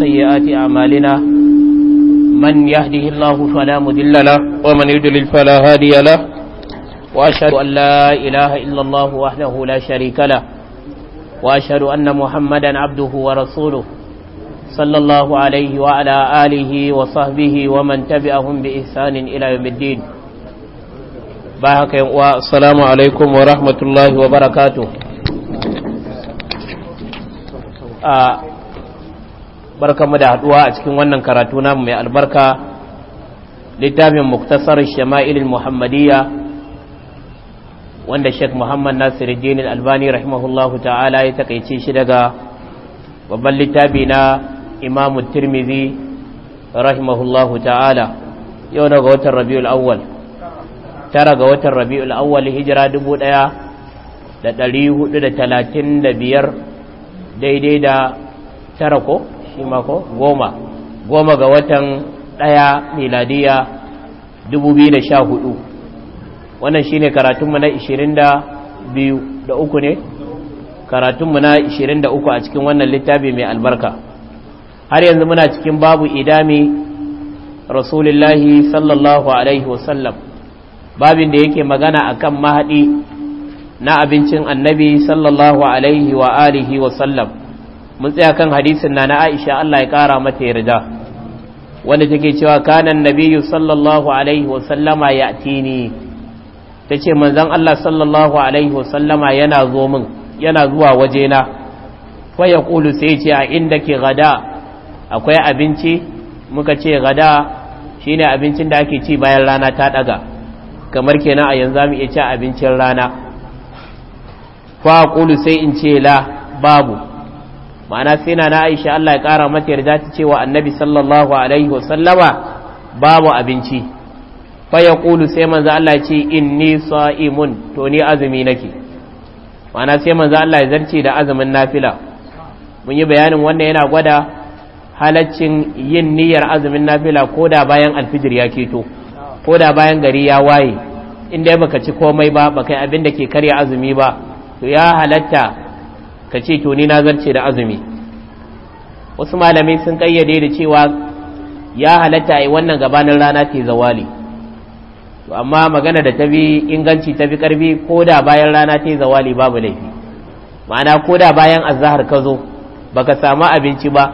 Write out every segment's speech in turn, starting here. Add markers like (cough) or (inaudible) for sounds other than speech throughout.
سيئات أعمالنا من يهده الله فلا مدل له ومن يدلل فلا هادي له وأشهد أن لا إله إلا الله وحده لا شريك له وأشهد أن محمدا عبده ورسوله صلى الله عليه وعلى آله وصحبه ومن تبعهم بإحسان إلى يوم الدين باحك والسلام عليكم ورحمة الله وبركاته آه barkamu da haduwa a cikin wannan karatu namu mai albarka littafin muktasar shama'ilin muhammadiyya wanda Sheikh Muhammad Nasiruddin Al-Albani rahimahullahu ta'ala ya takaice shi daga babban littafi na imamu tirmizi rahimahullahu ta'ala yau daga watan Rabiul Awwal tara ga watan Rabiul Awwal hijira dubu da da talatin biyar daidai da tara ko shi ma ko goma goma ga watan ɗaya miladiya 2014 wannan shi ne karatunmu na 22 da uku ne karatunmu na 23 a cikin wannan littafi mai albarka har yanzu muna cikin babu idami rasulullahi sallallahu alaihi wasallam babin da yake magana akan mahadi na abincin annabi sallallahu alaihi wa alihi wasallam mun tsaya kan hadisin na na Aisha Allah ya kara mata yarda wanda take cewa kanan nabiyyu sallallahu alaihi wa sallama ya atini tace manzon Allah sallallahu alaihi wa sallama yana zo min yana zuwa waje na fa yaqulu sai ce a inda ke gada akwai abinci muka ce gada shine abincin da ake ci bayan rana ta daga kamar kenan a yanzu mu iya ci abincin rana fa kulu sai in ce la babu ma'ana sai na Aisha Allah ya kara mata yarda ta ce wa Annabi sallallahu alaihi wasallama babu abinci fa ya Kulu sai manzo Allah ya ce inni sa'imun to ni azumi nake ma'ana sai manzo Allah ya zarce da azumin nafila mun yi bayanin wannan yana gwada halaccin yin niyyar azumin nafila koda bayan alfijir ya keto koda bayan gari ya waye in dai baka ci komai ba baka abin da ke karya azumi ba to ya halatta ka ce to ni na zarce da azumi wasu malamai sun kayyade da cewa ya halatta yi wannan gabanin rana ta zawali to amma magana da ta bi inganci ta bi karfi ko da bayan rana ta zawali babu laifi ma'ana ko da bayan azahar ka zo baka samu abinci ba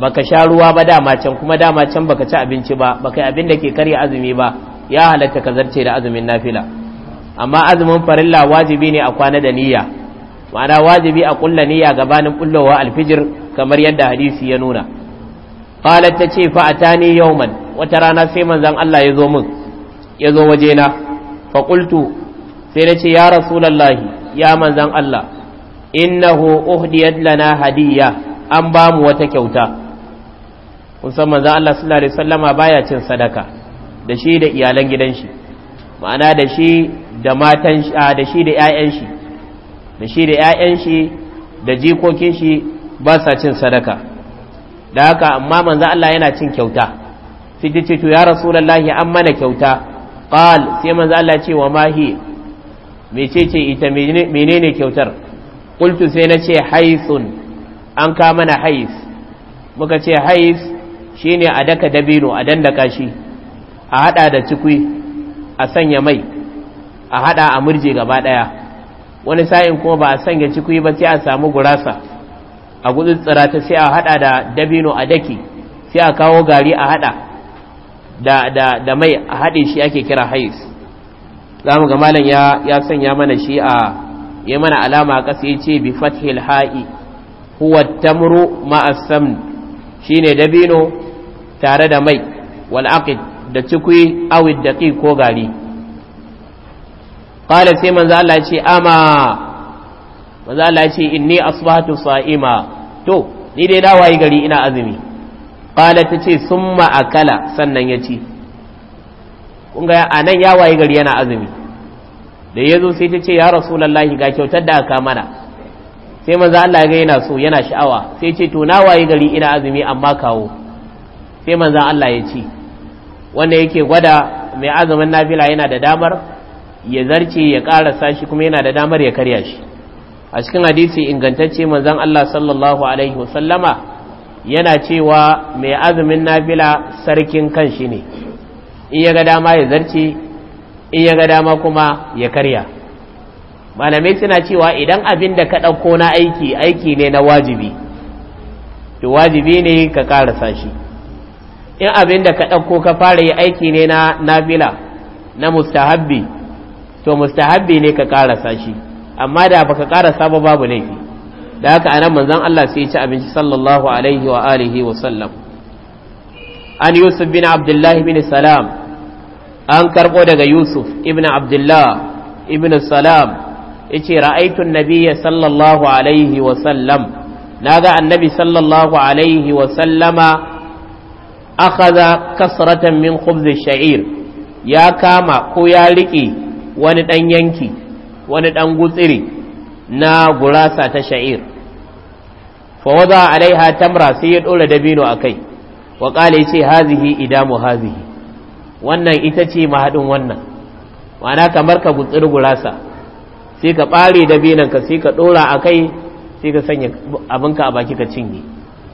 baka sha ruwa ba dama can kuma dama can baka ci abinci ba baka yi abin da ke karya azumi ba ya halatta ka zarce da azumin nafila amma azumin farilla wajibi ne a kwana da niyya ma'ana wajibi a kulla niyya gabanin kullowa alfijir kamar yadda hadisi ya nuna qalat ta ce fa atani yawman wata rana sai manzon Allah ya zo min ya zo waje na fa qultu sai na ce ya rasulullahi ya manzon Allah innahu uhdiyat lana hadiyya an ba mu wata kyauta kun san manzon Allah sallallahu alaihi wasallama baya cin sadaka da shi da iyalan gidan shi ma'ana da shi da matan shi da shi da 'ya'yan shi da shi da 'ya'yan shi da jikokin shi ba sa cin sadaka da haka amma manzan Allah yana cin kyauta sai ta ce to ya rasulullahi an mana kyauta ƙal sai manzan Allah ce wa mahi mecece ita menene kyautar ƙultu sai na ce haisun an ka mana hais muka ce hais ne a daka dabino a dandaka shi a hada da cikwi a sanya mai a hada a murje gaba ɗaya. wani sa'in kuma ba a sanya cikuyi ba sai a samu gurasa a gudun ta sai a hada da dabino a daki sai a kawo gari a hada da mai a haɗe shi ake kira hais za mu ga malam ya sanya mana shi a yi mana alama a ƙasa ya ce bi fathil ha'i huwa ma'asam shi ne dabino tare da mai wal’aƙi da cikwi awid daƙi ko gari qala sai manzo Allah ce ama manzo Allah ce inni asbahatu sa'ima to ni dai na wayi gari ina azumi qala ta ce summa akala sannan ya ci kun ga anan ya wayi gari yana azumi da yazo sai ta ce ya rasulullahi ga kyautar da aka mana sai manzo Allah ga yana so yana sha'awa sai ce to na wayi gari ina azumi amma kawo sai manzo Allah ya ci wanda yake gwada mai azumin nafila yana da damar ya zarce ya karasa shi kuma yana da damar ya karya shi a cikin hadisi ingantacce manzon Allah sallallahu alaihi wasallama yana cewa mai azumin nafila sarkin kanshi ne in ya ga dama ya zarce in ya ga dama kuma ya karya malamai suna cewa idan abin da ka ɗauko na aiki aiki ne na wajibi to wajibi ne ka karasa shi in abin da ka ɗauko ka fara yi aiki ne na nafila na mustahabbi to mustahabbi ne ka karasa shi amma da baka karasa ba babu laifi da haka anan manzon Allah sai ya ci abinci sallallahu alaihi wa alihi wa sallam an yusuf bin abdullahi bin salam an karbo daga yusuf ibn abdullah ibn salam yace ra'aytu an-nabiyya sallallahu alaihi wa sallam naga annabi sallallahu alaihi wa sallama akhadha kasratan min khubz ash-sha'ir ya kama ko ya riki? wani ɗan yanki wani ɗan gutsiri na gurasa ta sha'ir fawaza alaiha tamra sai ya ɗora dabino a kai wa ƙale ce hazihi idamu hazihi wannan ita ce mahaɗin wannan mana kamar ka gutsiri gurasa sai ka ɓare dabinanka sai ka ɗora a kai sai ka sanya abinka a baki ka cinye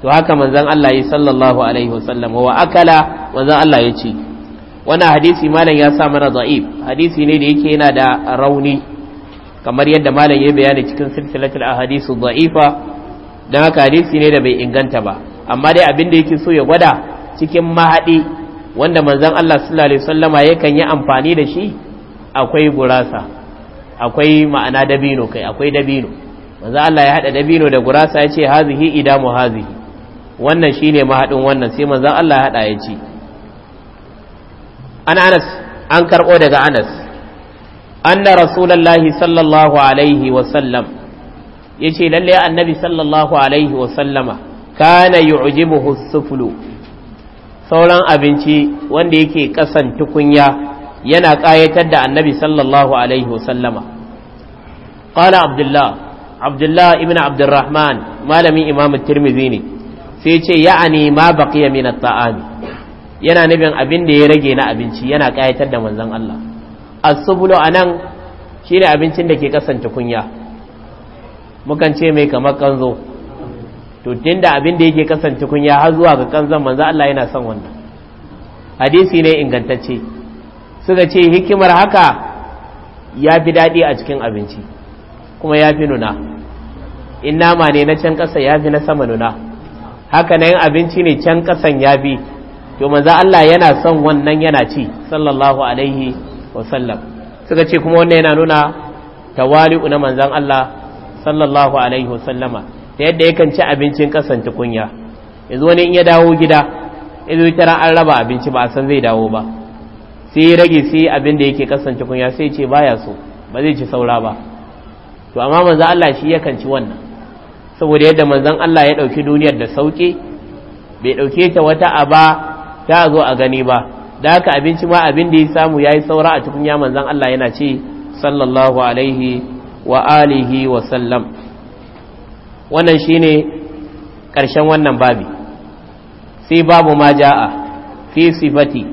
to haka manzan Allah yi sallallahu alaihi wasallam wa akala manzan Allah ya ce wannan hadisi malam ya sa mana za'if hadisi ne da yake yana da rauni kamar yadda malam ya bayani cikin silsilatul ahadisu za'ifa dan haka hadisi ne da bai inganta ba amma dai abin da yake so ya gwada cikin mahadi wanda manzon Allah sallallahu alaihi wasallama yakan yi amfani da shi akwai gurasa akwai ma'ana dabino kai akwai dabino manzo Allah ya hada dabino da gurasa ya ce hazihi idamu hazihi wannan shine mahadin wannan sai manzo Allah ya hada ya ci. an anas an karɓo daga anas anna rasulallahi sallallahu alaihi wasallam ya ce lalle annabi sallallahu alaihi wasallama kana yu'jibuhu suflu sauran abinci wanda yake kasan tukunya yana ƙayatar da annabi sallallahu alaihi wasallama qala abdullah abdullah ibn abdurrahman malamin imam at-tirmidhi ne sai ce ya'ani ma baqiya min at-ta'ami yana nufin abin da ya rage na abinci yana ƙayatar da manzan Allah a nan shi shine abincin da ke kasance kunya mukan ce mai kamar kanzo to da abin da yake kasance kunya har zuwa ga kanzon manzan Allah yana son wannan hadisi ne ingantacce suka ce hikimar haka ya fi daɗi a cikin abinci kuma ya fi nuna in nama ne na can ƙasa ya fi na sama nuna haka na yin abinci ne can ƙasan ya fi to manzo Allah yana son wannan yana ci sallallahu alaihi wasallam suka ce kuma wannan yana nuna tawali'u na manzon Allah sallallahu alaihi wasallama da yadda yakan ci abincin kasan tukunya yanzu wani in ya dawo gida idan tara an raba abinci ba san zai dawo ba sai ya rage sai abin da yake kasan tukunya sai ce baya so ba zai ci saura ba to amma manzo Allah shi yakan ci wannan saboda yadda manzon Allah ya dauki duniyar da sauke bai dauke ta wata aba da zo a gani ba da haka abinci ma abin da ya samu ya yi saura a tukunya manzan Allah yana ce sallallahu alaihi wa alihi wa sallam wannan shi ne ƙarshen wannan babi sai babu ma ja'a fi sifati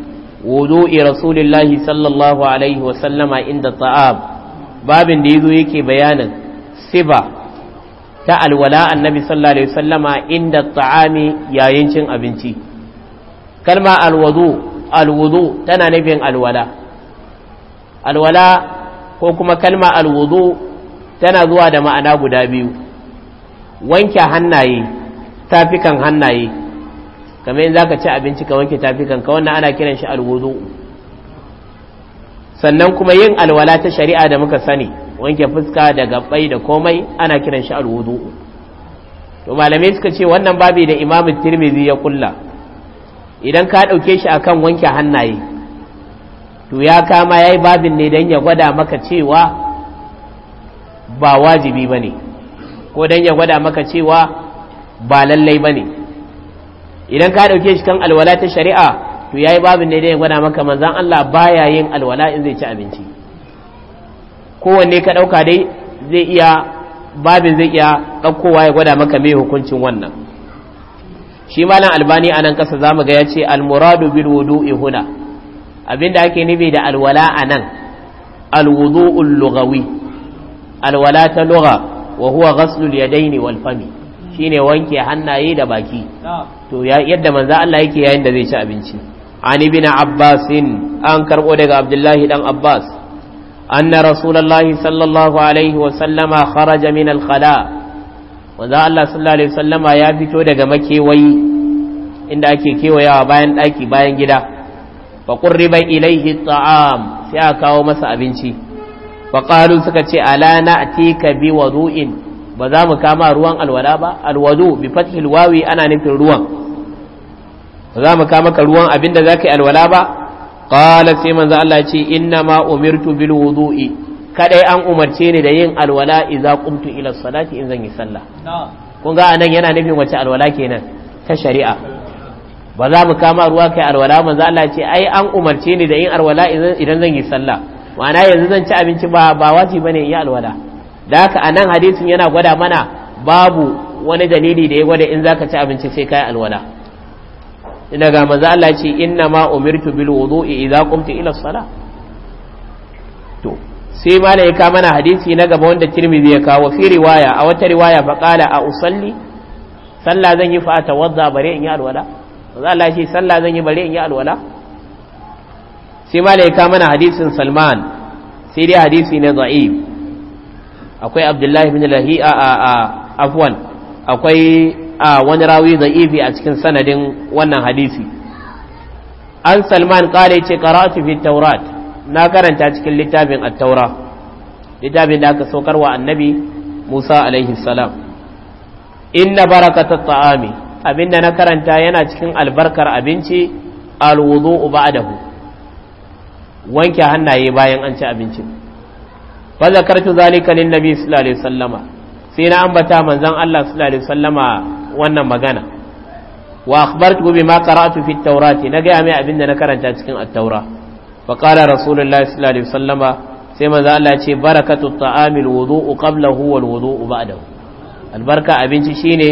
wudu'i rasulillahi sallallahu alaihi wa sallama inda ta'ab babin da yazo yake bayanin siba ta alwala annabi sallallahu alaihi wa sallama inda ta'ami yayin cin abinci kalma alwudu alwudu tana nufin alwala alwala ko kuma kalma alwudu tana zuwa da ma'ana guda biyu wanke hannaye tafikan hannaye kamar yin za ka ci abinci ka wanke tafikan ka wannan ana kiran shi alwudu sannan kuma yin alwala ta shari'a da muka sani wanke fuska da gabbai da komai ana kiran shi alwudu to malamai suka ce wannan babi da imamu tirmidhi ya kulla idan ka ɗauke shi akan wanke hannaye to ya kama ya yi babin ne don ya gwada maka cewa ba wajibi ba ne ko don ya gwada maka cewa ba lallai ba ne idan ka ɗauke shi kan alwala ta shari'a to ya yi babin ne don ya gwada maka manzan Allah baya yin alwala in zai ci abinci kowanne ka ɗauka dai zai iya babin zai iya ɗaukowa ya gwada maka mai hukuncin wannan shi malam albani anan kasa zamu ga yace almuradu bil wudu'i huna abinda ake nufi da alwala anan alwudu'ul lughawi alwala ta lugha wa huwa ghaslul yadaini wal fami shine wanke hannaye da baki to yadda manzo Allah yake yayin da zai ci abinci an ibn abbasin an karbo daga abdullahi dan abbas anna rasulullahi sallallahu alaihi wa sallama kharaja min al-khala' manzan Allah sallallahu alaihi wasallama ya fito daga makewayi inda ake kewayawa bayan ɗaki bayan gida fa bai ilaihi ta'am sai aka kawo masa abinci fa qalu suka ce ala atika bi wudu'in ba za mu kama ruwan alwala ba alwudu bi fathil wawi ana nufin ruwan ba za mu kama ka ruwan abinda zaka yi alwala ba qala sai manzo Allah ya ce inna ma umirtu bil wudu'i kadai an umarce ni da yin alwala idza qumtu ila salati in zan yi sallah kun ga anan yana nufin wace alwala kenan ta shari'a ba za mu kama ruwa kai alwala manzo Allah ce ai an umarce ni da yin alwala idan zan yi sallah ma'ana yanzu zan ci abinci ba ba wajibi bane yi alwala da haka anan hadisin yana gwada mana babu wani dalili da ya gwada in zaka ci abinci sai kai alwala daga manzo Allah ce inna ma umirtu bil wudu'i idza qumtu ila salah sai malam ya kawo mana hadisi na gaba wanda tirmidhi ya kawo fi riwaya a wata riwaya fa a usalli sallah zan yi fa tawadda bare in yi alwala manzo Allah shi sallah zan yi bare in yi alwala sai malam ya kawo mana hadisin Salman sai dai hadisi ne da'if akwai Abdullahi ibn Lahi a a afwan akwai a wani rawi da'ifi a cikin sanadin wannan hadisi an Salman kale ce qara'atu fi tawrat na karanta cikin littafin attaura littafin da aka saukar wa annabi musa alaihi salam inna baraka barakata ta'ami abinda na karanta yana cikin albarkar abinci uba adahu. wanke hannaye bayan an ci abincin fa zakartu zalika lin nabi sallallahu alaihi sallama. sai na ambata manzon Allah sallallahu alaihi sallama wannan magana wa akhbartu bima qara'tu fi at-taurati na ga mai abinda na karanta cikin at-taura faƙala rasulullah sallallahu alaihi sallama sai manzo Allah ce barakatu ta'amil wudu'u qablahu wal wudu'u ba'dahu albarka abinci shi ne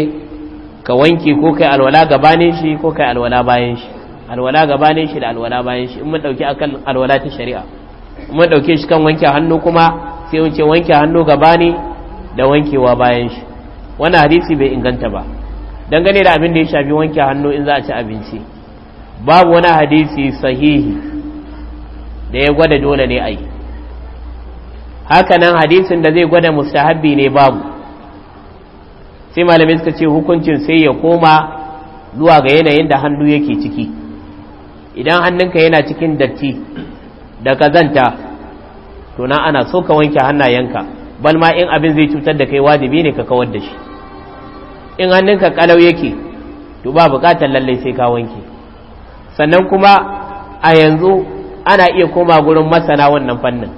ka wanki ko kai alwala gabanin shi ko kai alwala bayan shi alwala gabanin shi da alwala bayan shi in mun dauki akan alwala ta shari'a in mun ɗauke shi kan wanke hannu kuma sai mun ce wanke hannu gabani da wankewa bayan shi wannan hadisi bai inganta ba dangane da abin da ya shafi wanke hannu in za a ci abinci babu wani hadisi sahihi da ya gwada dole ne a yi hakanan hadisin da zai gwada mustahabbi ne babu sai malamai suka ce hukuncin sai ya koma zuwa ga yanayin da hannu yake ciki idan hannunka yana cikin datti da kazanta to na ana so ka wanke hannayenka bal ma in abin zai cutar da kai wajibi ne ka kawar da shi in hannunka kalau yake to ba bukatar lallai sai ka wanke sannan kuma a yanzu ana iya koma gurin masana wannan fannin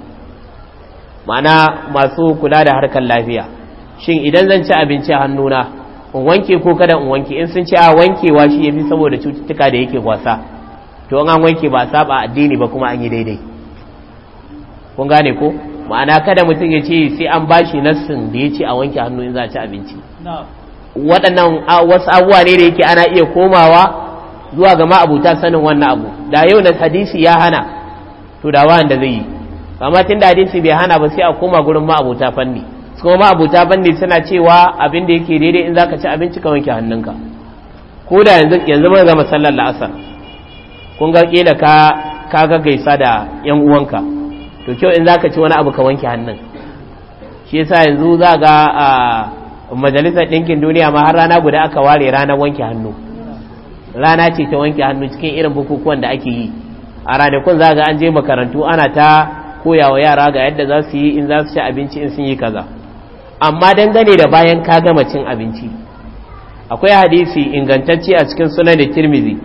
ma'ana masu kula da harkar lafiya shin idan zan ci abinci a hannuna in wanke ko kada in wanke in sun ce a wankewa shi yafi saboda cututtuka da yake kwasa to an wanke ba saba addini ba kuma an yi daidai kun gane ko ma'ana kada mutum ya ce sai an bashi nassin da ya ce a wanke hannu in za ci abinci waɗannan wasu abubuwa ne da yake ana iya komawa zuwa ga abuta sanin wannan abu da yau na hadisi ya hana to da da zai yi amma tun da hadisi bai hana ba sai a koma gurin ma abuta fanni su kuma abuta fanni suna cewa abin da yake daidai in zaka ci abinci ka wanke hannunka ko da yanzu yanzu mun ga masallar la'asar kun ga kila ka ka gaisa da yan uwanka to kyau in zaka ci wani abu ka wanke hannun shi yasa yanzu za ga a majalisar ɗinkin duniya ma har rana guda aka ware ranar wanke hannu rana ce ta wanke hannu cikin irin bukukuwan da ake yi a ranakun za ga an je makarantu ana ta koya wa yara ga yadda za su yi in za su ci abinci in sun yi kaza amma dangane da bayan ka gama cin abinci akwai hadisi ingantacce a cikin sunan da tirmizi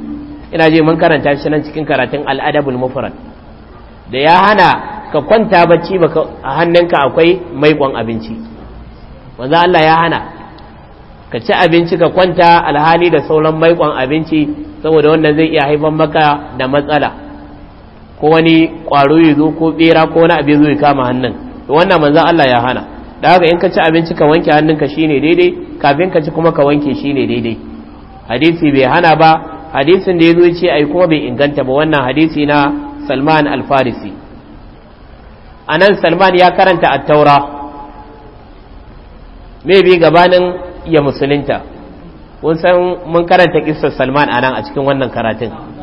ina je mun karanta shi nan cikin karatun al'adabul mufrad da ya hana ka kwanta bacci baka a hannunka akwai maikon abinci wanda Allah ya hana ka ci abinci ka kwanta alhali da sauran maikon abinci saboda wannan zai iya haifar maka da matsala ko wani ƙwaro ya zo ko ɓera ko wani abin zo ya kama hannun da wannan manzan Allah ya hana da haka in ka ci abinci ka wanke hannunka ne daidai kafin ka ci kuma ka wanke shi ne daidai hadisi bai hana ba hadisin da ya zo ce ai kuma bai inganta ba wannan hadisi na Salman alfarisi. A nan Salman ya karanta a taura me bi gabanin ya musulunta kun san mun karanta kisar Salman anan a cikin wannan karatun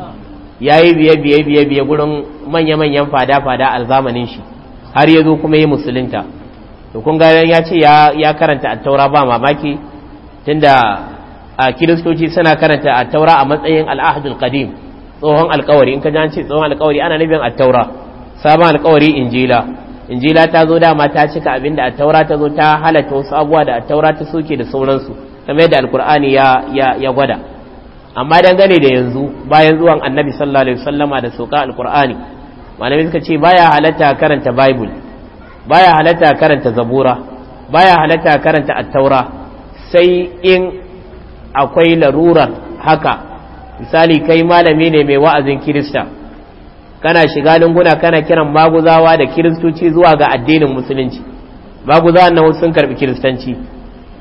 ya yi biye biye biye biye gurin manya-manyan fada-fada a zamanin shi har ya zo kuma yi musulunta to kun ya ce ya karanta attaura ba mamaki tunda a kiristoci suna karanta attaura a matsayin al'ahadul qadim tsohon alkawari in ka ji an ce tsohon alkawari ana nufin attaura sabon alkawari injila injila ta zo dama ta cika abinda attaura ta zo ta halatta wasu abuwa da attaura ta soke da sauransu kamar yadda alkur'ani ya gwada amma dangane da yanzu bayan zuwan annabi sallallahu alaihi wasallama da sauka alqur'ani malami suka ce baya halatta karanta bible baya halatta karanta zabura baya halatta karanta attaura sai in akwai larurar haka misali kai malami ne mai wa'azin kirista kana shiga lunguna kana kiran maguzawa da kiristoci zuwa ga addinin musulunci maguzawan nan sun karbi kiristanci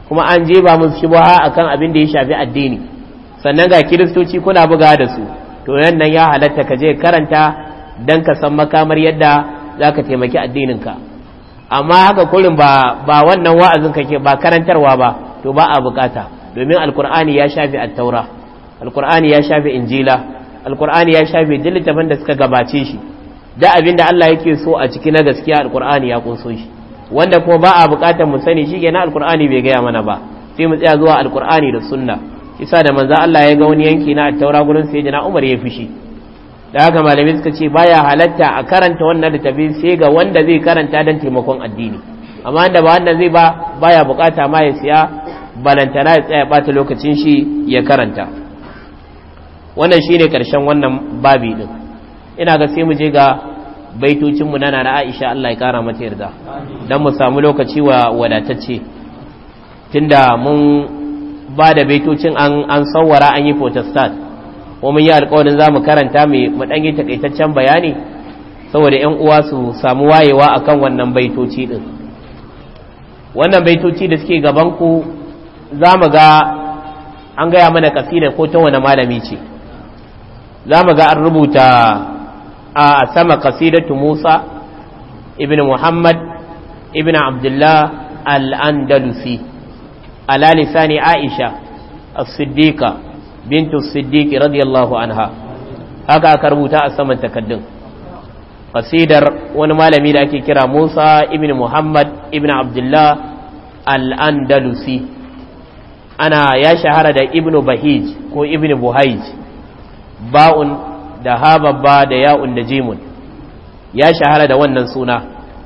kuma an jeba musu shubha akan abin da ya shafi addini sannan ga kiristoci kuna buga da su to yannan ya halatta ka je karanta don ka san makamar yadda za ka taimaki addininka amma haka kurin ba ba wannan wa'azin kake ba karantarwa ba to ba a bukata domin alkur'ani ya shafi attaura alkur'ani ya shafi injila alkur'ani ya shafi littafin da suka gabace shi da abin da Allah yake so a ciki na gaskiya alkur'ani ya kunso shi wanda kuma ba a bukatar mu sani shi na alkur'ani bai gaya mana ba sai mu tsaya zuwa alkur'ani da sunna isa da manzan Allah ya ga wani yanki na taura gurin sai jina Umar ya fushi da haka malami suka ce baya halatta a karanta wannan littafi sai ga wanda zai karanta don taimakon addini amma da ba wannan zai ba baya bukata ma ya siya balantana ya tsaya bata lokacin shi ya karanta wannan shine karshen wannan babi din ina ga sai mu je ga baitocin mu na na Aisha Allah ya kara mata yarda dan mu samu lokaci wa wadatacce tunda mun ba da baitocin an an sauwara an yi protestant mun yi alkawarin za mu karanta mu ɗan yi takaitaccen bayani saboda 'yan uwa su samu wayewa a kan wannan baitoci ɗin wannan baitoci da suke gabanku za mu ga an gaya mana kasida ko ta wani malami ce za mu ga an rubuta a sama kasidatu musa ibn muhammad ibn abdullah al-andalusi ala ne aisha as-siddiqa bintu siddiqi radiyallahu anha haka aka rubuta a saman takaddun qasidar wani malami da ake kira Musa ibn Muhammad ibn Abdullah al-Andalusi ana ya shahara da Ibnu Bahij ko ibn Buhaij ba'un da hababba da ya'un da jimun ya shahara da wannan suna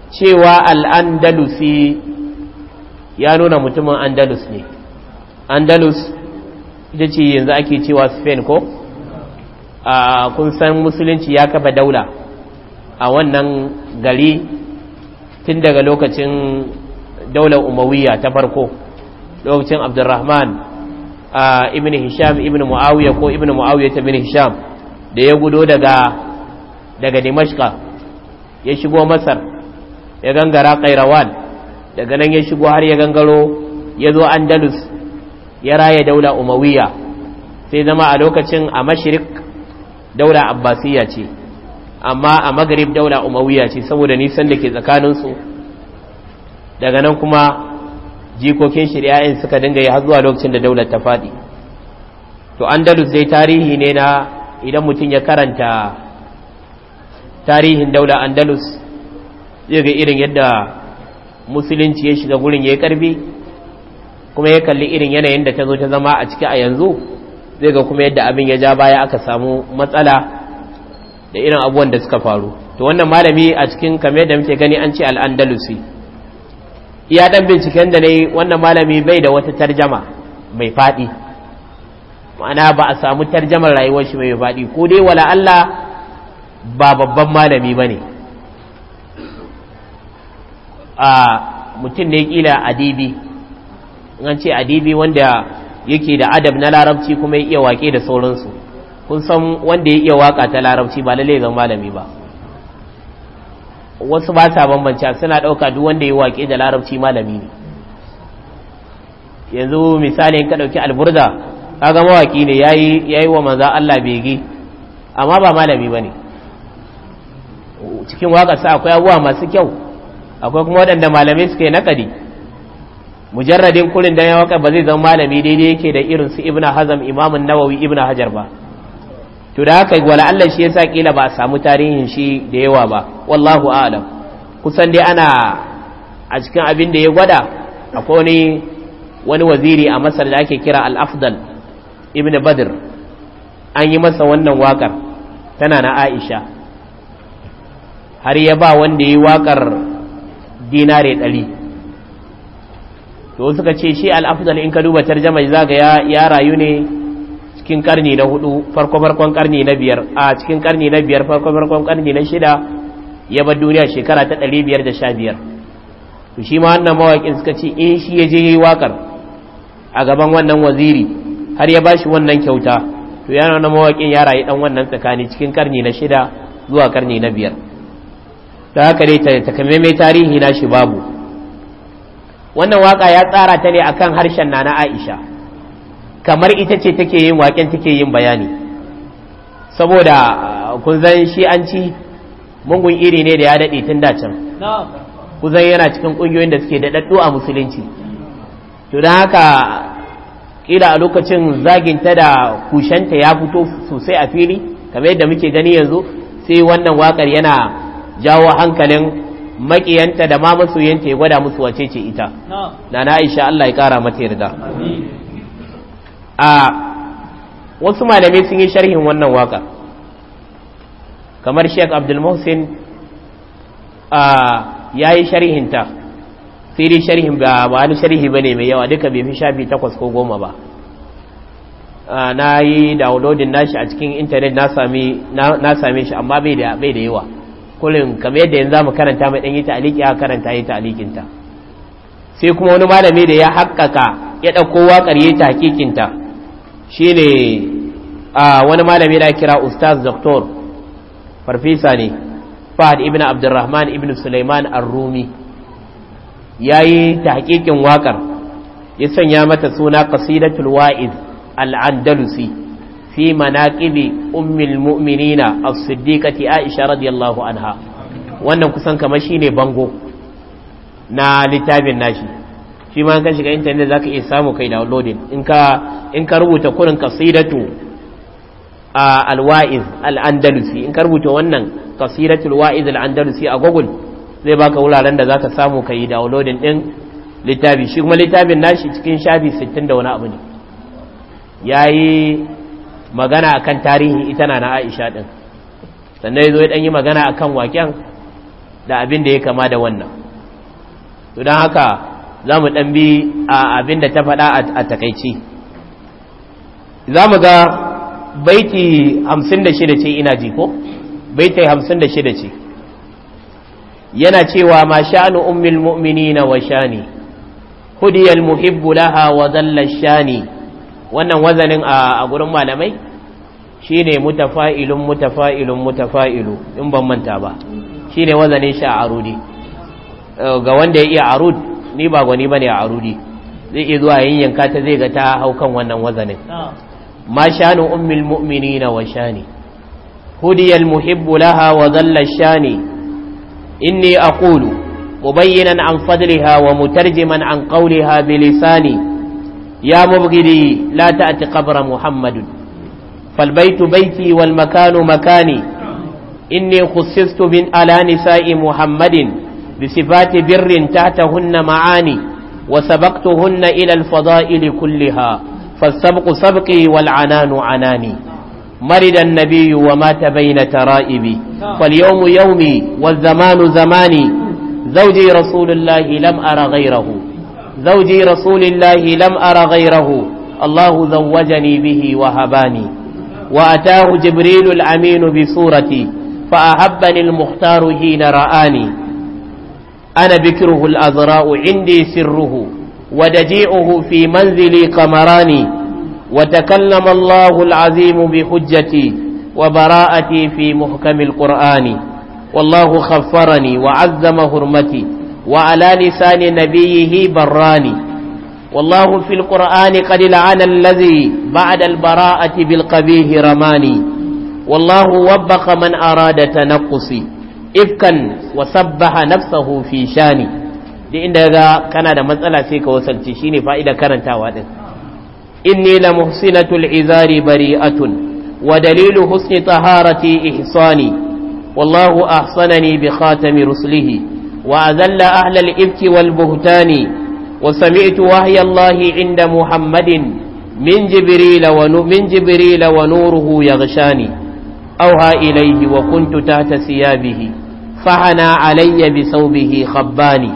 cewa al-Andalusi ya nuna mutumin andalus ne andalus ita ce yanzu ake cewa spain ko a kun san musulunci ya kafa daula a wannan gari tun daga lokacin daular umawiya ta farko lokacin abdurrahman ibn hisham ibn muawiya ko ibn muawiya ta Ibn hisham da ya gudo daga daga dimashka ya shigo masar ya gangara kairawan daga nan ya shigo har ya gangaro ya zo andalus ya raya daula umawiya sai zama a lokacin a mashirik daula abbasiyya ce amma a magarib daula umawiya ce saboda nisan da ke tsakaninsu daga nan kuma jikokin shirya'in suka dinga yi zuwa lokacin da daular ta faɗi to andalus dai tarihi ne na idan mutum ya karanta tarihin daular andalus zai ga irin yadda musulunci ya shiga gurin ya yi karfi kuma ya kalli irin yanayin da ta zo ta zama a ciki a yanzu zai ga kuma yadda abin ya ja baya aka samu matsala da irin abubuwan da suka faru to wannan malami a cikin kamar da muke gani an ce al'andalusi iya ɗan binciken da yi wannan malami bai da wata tarjama mai faɗi, ma'ana ba a samu tarjamar rayuwar shi mai faɗi ko dai wala Allah ba babban malami ba ne. a mutum ne kila adibi an ce adibi wanda yake da adab na larabci kuma ya iya wake da sauransu kun san wanda ya iya waka ta larabci ba lalle zan malami ba wasu ba ta bambanci suna ɗauka duk wanda ya wake da larabci malami ne yanzu misali ka ɗauki alburda kaga mawaƙi ne ya yi wa maza Allah bege amma ba malami ba ne cikin waƙarsa akwai abubuwa masu kyau akwai kuma waɗanda malamai suke naƙadi mujarradin kurin da yawa ba zai zama malami daidai yake da irin su Ibn hazam imamun nawawi ibnu hajar ba to da haka wala Allah shi yasa kila ba a samu tarihin shi da yawa ba wallahu a'lam kusan dai ana a cikin abin da ya gwada akwai wani wani waziri a Masar da ake kira al-Afdal ibn Badr an yi masa wannan wakar tana na Aisha har ya ba wanda ya yi wakar dinare ɗari to suka ce shi al'afdal in ka duba tarjama za ga ya rayu ne cikin karni na hudu farko-farkon karni na biyar a cikin karni na biyar farko-farkon karni na shida ya bar duniya shekara ta ɗari biyar da sha biyar to shi ma wannan mawaƙin suka ce in eh, shi ya je yi waƙar a gaban wannan waziri har ya bashi wannan kyauta to yana wannan mawaƙin ya rayu ɗan wannan tsakani cikin karni na shida zuwa karni na biyar da haka dai takamaimai tarihi na shi babu wannan waka ya tsara ta ne akan harshen nana aisha kamar ita ce take yin waken take yin bayani saboda uh, kunzan zan shi an ci mungun iri ne da ya daɗe tun da can kuzan yana cikin ƙungiyoyin da suke daɗaɗɗu a musulunci to don haka kila a lokacin zaginta da kushanta ya fito sosai a fili kamar yadda muke gani yanzu sai wannan wakar yana jawo hankalin makiyanta da ma masoyanta ya gwada musu wace ce ita na na aisha Allah ya kara mata yarda a wasu malamai sun yi sharhin wannan waka kamar sheik abdul a ya yi sharhinta sai dai sharhin ba wani sharhi ba ne mai yawa duka bai fi shafi takwas ko goma ba na yi downloading nashi a cikin intanet na same shi amma bai da yawa kullum kamar yadda yanzu mu karanta mai ɗanyi ta'aliki ya karanta yi ta'alikinta sai kuma wani malami da ya haƙƙaƙa ya ɗauko waƙar yi ta hakikinta shi ne wani malami da kira ustaz doktor farfisa ne fahad ibn abdurrahman ibn suleiman ar-rumi ya yi ta hakikin waƙar ya sanya mata suna qasidatul wa'iz al-andalusi fi manaqibi ummil mu'minina as-siddiqati Aisha radiyallahu anha wannan kusan kamar shine bango na littafin nashi shi ma kan shiga za ka iya samu kai downloading in ka ka rubuta kurin qasidatu al-wa'iz al-andalusi in ka rubuta wannan qasidatul wa'iz al-andalusi a Google zai baka wuraren da zaka samu kai downloading din littafi shi kuma littafin nashi cikin shafi 60 da wani abu ne ya yi magana kan tarihi ita na na aisha ɗin, sannan ya zo ya yi magana a kan waken da abin da ya kama da wannan to don haka za mu bi a abin da ta faɗa a takaici za mu ga baiti 56 ce ina ji ko baiti 56 ce yana cewa ma sha'anu ummul mu'minina wa shani hudiyal muhibbu laha wa zallar shani wannan wazanin a gurin malamai ne mutafa'ilun mutafa'ilun mutafa'ilu in ban manta ba shine wazanin shi a arudi eh, ga wanda ya iya arud ni ba gwani bane a arudi zai iya zuwa yanka ta zai ga ta hau kan wannan wazanin ah. ma shanu ummul na wa shani hudiyal muhibbu laha wa dhalla shani inni kulu mubayyinan an fadliha wa mutarjiman an qawliha bi ya mubghidi la ta'ti qabra muhammadin فالبيت بيتي والمكان مكاني إني خصصت من على نساء محمد بصفات بر تحتهن معاني وسبقتهن إلى الفضائل كلها فالسبق سبقي والعنان عناني مرد النبي ومات بين ترائبي فاليوم يومي والزمان زماني زوجي رسول الله لم أرى غيره زوجي رسول الله لم أرى غيره الله زوجني به وهباني وأتاه جبريل الأمين بصورتي فأحبني المختار حين رآني أنا بكره الأزراء عندي سره ودجيعه في منزلي قمراني وتكلم الله العظيم بحجتي وبراءتي في محكم القرآن والله خفرني وعظم هرمتي وعلى لسان نبيه براني والله في القرآن قد لعن الذي بعد البراءة بالقبيه رماني والله وبخ من أراد تنقصي إفكا وسبح نفسه في شاني دي إن ذا كان هذا مسألة سيك وسلتشيني فإذا كرنت وادن إني لمحسنة العذار بريئة ودليل حسن طهارتي إحصاني والله أحصنني بخاتم رسله وأذل أهل الإفك والبهتان وسمعت وحي الله عند محمد من جبريل ومن جبريل ونوره يغشاني أوها إليه وكنت تحت ثيابه فحنى علي بثوبه خباني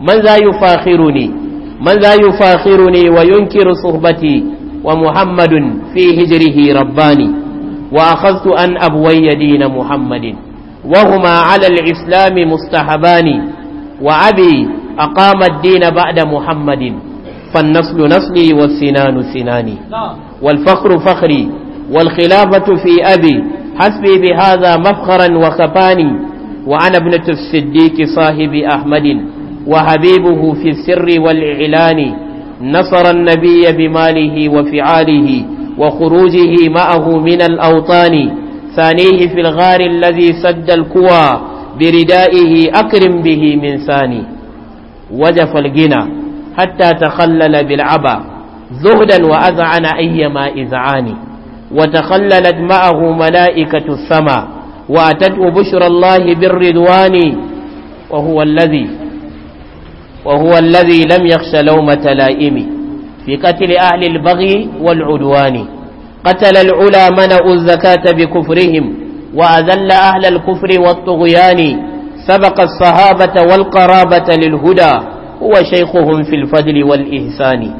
من ذا يفاخرني من ذا يفاخرني وينكر صحبتي ومحمد في هجره رباني وأخذت أن أبوي دين محمد وهما على الإسلام مستحبان وأبي aqama ad-din ba'da muhammadin fan naslu nasli was sinanu sinani wal fakhru fakhri wal khilafatu fi abi hasbi bi hadha mafkharan wa khafani wa ana sahibi ahmadin wa habibu fi sirri wal i'lani نصر النبي بماله وفعاله وخروجه معه من الأوطان ثانيه في الغار الذي سد الكوى بردائه أكرم به من ثاني وجف الغنى حتى تخلل بالعبا زهدا وأذعن أيما إذعان وتخللت معه ملائكة السماء وأتته بشر الله بالرضوان وهو الذي وهو الذي لم يخش لومة لائم في قتل أهل البغي والعدوان قتل العلا منأوا الزكاة بكفرهم وأذل أهل الكفر والطغيان سبق الصحابة والقرابة للهدى هو شيخهم في الفضل والإحسان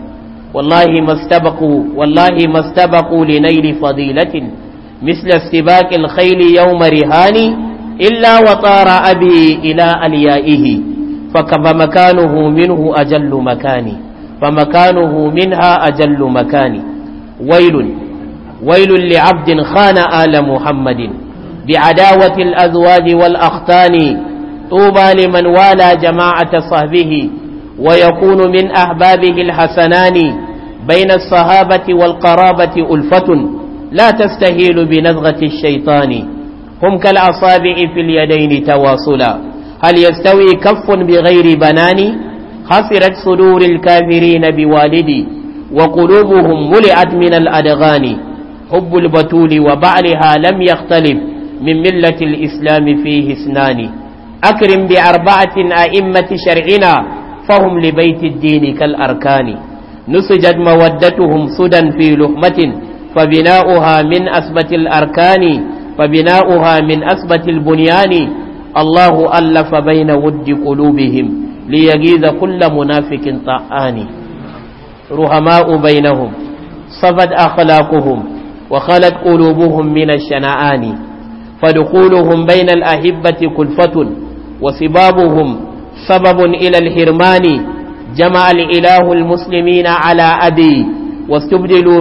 والله ما استبقوا والله ما استبقوا لنيل فضيلة مثل استباك الخيل يوم رهان إلا وطار أبي إلى أليائه فمكانه منه أجل مكاني فمكانه منها أجل مكاني ويل ويل لعبد خان آل محمد بعداوة الأزواج والأختان طوبى لمن والى جماعة صهبه ويكون من أحبابه الحسنان بين الصحابة والقرابة ألفة لا تستهيل بنزغة الشيطان هم كالأصابع في اليدين تواصلا هل يستوي كف بغير بنان خسرت صدور الكافرين بوالدي وقلوبهم ملئت من الأدغان حب البتول وبعلها لم يختلف من ملة الإسلام فيه اثنان akrim bi arba'atin a'immati shar'ina fahum li baiti ad-din kal arkani nusijat mawaddatuhum sudan fi luhmatin fabina'uha min asbatil arkani fabina'uha min asbatil bunyani Allahu allafa baina wuddi qulubihim ليجيز كل منافق طعان رهماء بينهم صفت أخلاقهم وخلت قلوبهم من الشنعان فدخولهم بين الأحبة كلفة وسبابهم سبب إلى الهرمان جمع الإله المسلمين على أبي واستبدلوا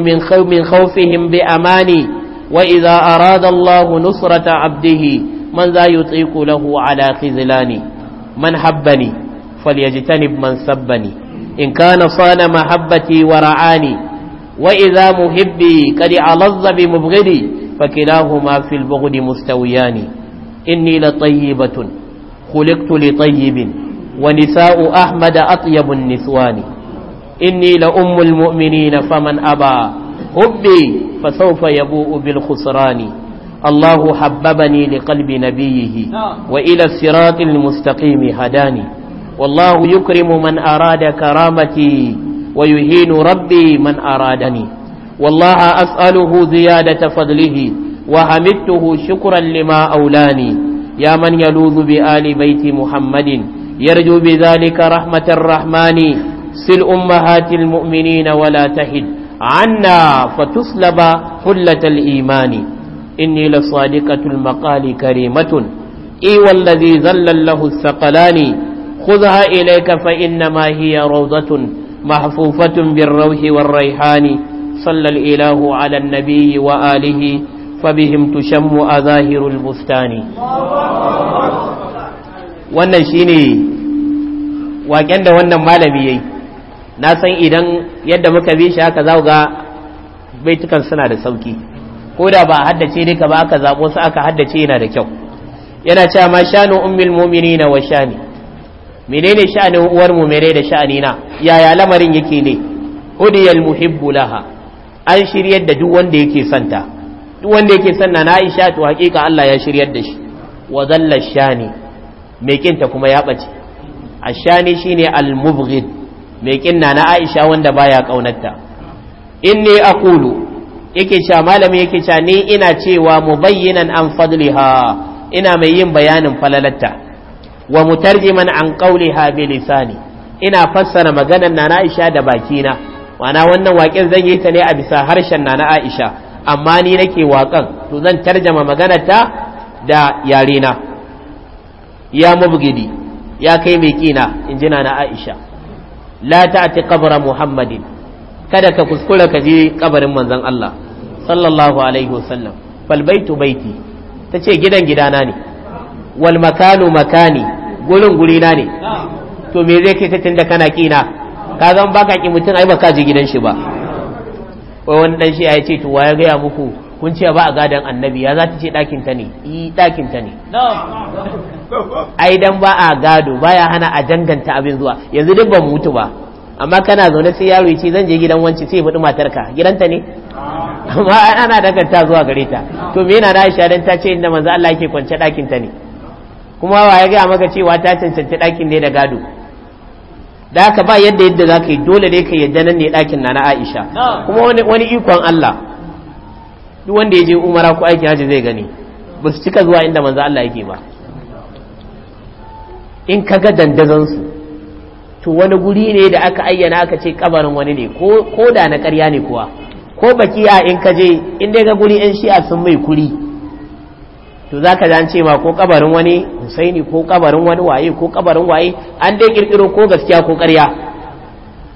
من خوفهم بأماني وإذا أراد الله نصرة عبده من ذا يطيق له على خذلاني من حبني فليجتنب من سبني إن كان صان محبتي ورعاني وإذا محبي قد علظ بمبغدي فكلاهما في البغد مستويان إني لطيبة خلقت لطيب ونساء أحمد أطيب النسوان إني لأم المؤمنين فمن أبى حبي فسوف يبوء بالخسران الله حببني لقلب نبيه وإلى الصراط المستقيم هداني والله يكرم من أراد كرامتي ويهين ربي من أرادني والله أسأله زيادة فضله وحمدته شكرا لما أولاني يا من يلوذ بآل بيت محمد يرجو بذلك رحمة الرحمن سل أمهات المؤمنين ولا تحد عنا فتصلب حلة الإيمان إني لصادقة المقال كريمة إي والذي ذل له الثقلان خذها إليك فإنما هي روضة محفوفة بالروح والريحان صلى الإله على النبي وآله فبهم تشم أظاهر البستان wannan shine waken da wannan malami yayi na san idan yadda muka bi shi haka zau ga baitukan suna da sauki ko da ba haddace ne ka ba aka zabo su aka haddace yana da kyau yana cewa ma shanu ummul mu'minina wa shani menene sha'anin uwar mu mere da sha'ani na yaya lamarin yake ne hudiyal muhibbu laha an shiryar da duk wanda yake santa duk wanda yake sanna na Aisha to hakika Allah ya shiryar da shi wa zalla shani mai kinta kuma ya bace ashani shine al-mubghid mai kinna na Aisha wanda baya kaunarta inni aqulu yake cewa malami yake cewa ni ina cewa mubayyinan an fadliha ina mai yin bayanin falalatta wa mutarjiman an qawliha bi lisani ina fassara maganar na Aisha da bakina ma'ana wannan waƙen zan yi ta ne a bisa harshen na, na Aisha amma ni nake waƙan to zan tarjama maganata da yarena ya mabgidi ya kai mai kina in jina na aisha la ati qabra muhammadin kada ka kuskura ka je kabarin manzon Allah sallallahu alaihi wasallam fal baitu baiti tace gidan gidana ne wal makanu makani gurin gurina ne to me zai kai ta tunda kana kina ka zan baka ki mutun ai baka je gidan shi ba wai wani dan shi ya ce to wa ya gaya muku kun ce ba a gadan annabi ya za ta ce dakin ta ne i e, dakin ta ne ai dan ba a gado baya hana a danganta abin zuwa yanzu duk ba mu mutu ba amma kana zaune sai yaro ya ce zan je gidan wanci sai ya faɗi matarka gidanta ne amma ana danganta zuwa gare ta to me yana da Aisha dan ta ce inda manzo Allah yake kwance dakin ta ne kuma wa ya ga maka cewa ta cancanci dakin ne da gado da haka ba yadda yadda za ka yi dole ne ka yadda nan ne ɗakin na na aisha kuma wani ikon allah duk wanda ya je umara ko aiki haji zai gani ba su cika zuwa inda manzo allah yake ba in ka ga dandazansu to wani guri ne da aka ayyana aka ce kabarin wani ne ko da na ƙarya ne kuwa ko baki a in ka je in dai ga guri yan shi'a sun mai kuri to za ka an ce ma ko kabarin wani husaini ko kabarin wani waye ko kabarin waye an dai kirkiro ko gaskiya ko karya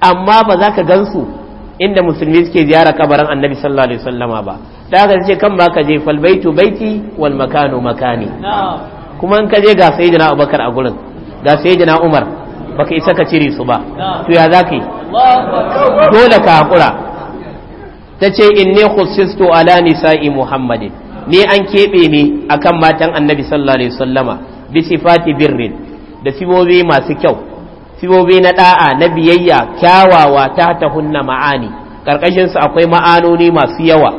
amma ba za ka gansu inda musulmi suke ziyara kabarin annabi sallallahu alaihi wasallama ba da ka ce kan ba ka je fal baitu baiti wal makanu makani kuma in ka je ga sayyidina abubakar a gurin ga sayyidina umar baka isa ka cire su ba to ya za ka dole ka hakura ta ce inni khusistu ala nisa'i muhammadin ne an keɓe ne kan matan annabi sallallahu alaihi wasallama bi sifati birrin da sibobi masu kyau sibobi na da'a na biyayya kyawawa ta ta hunna ma'ani karkashin akwai ma'anoni masu yawa